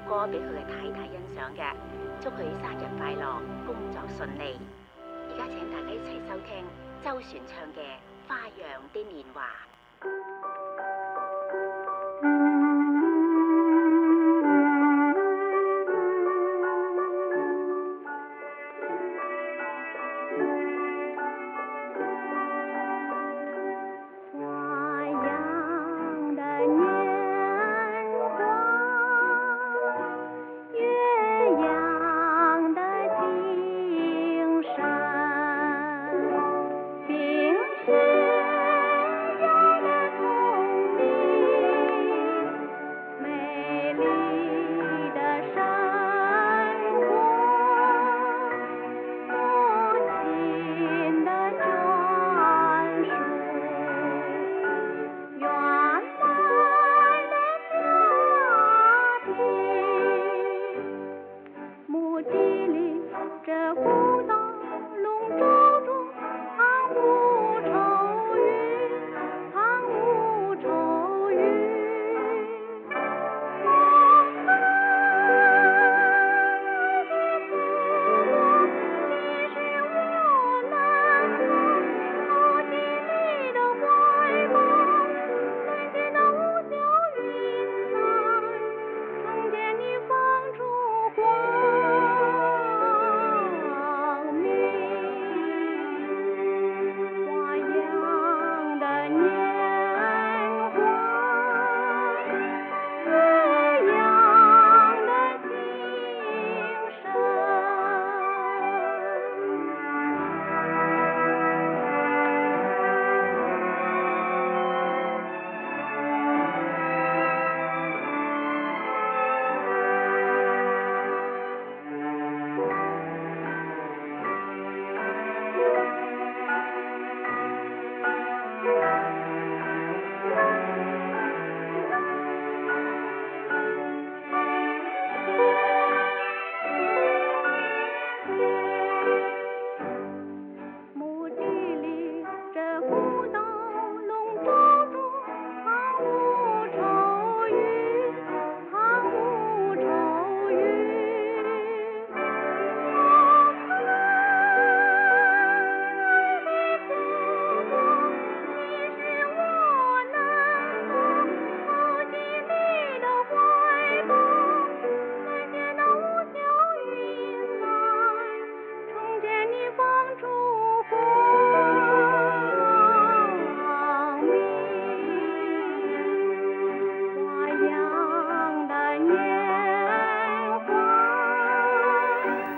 歌俾佢嘅太太欣賞嘅，祝佢生日快樂，工作順利。而家請大家一齊收聽周璇唱嘅《花樣的年華》。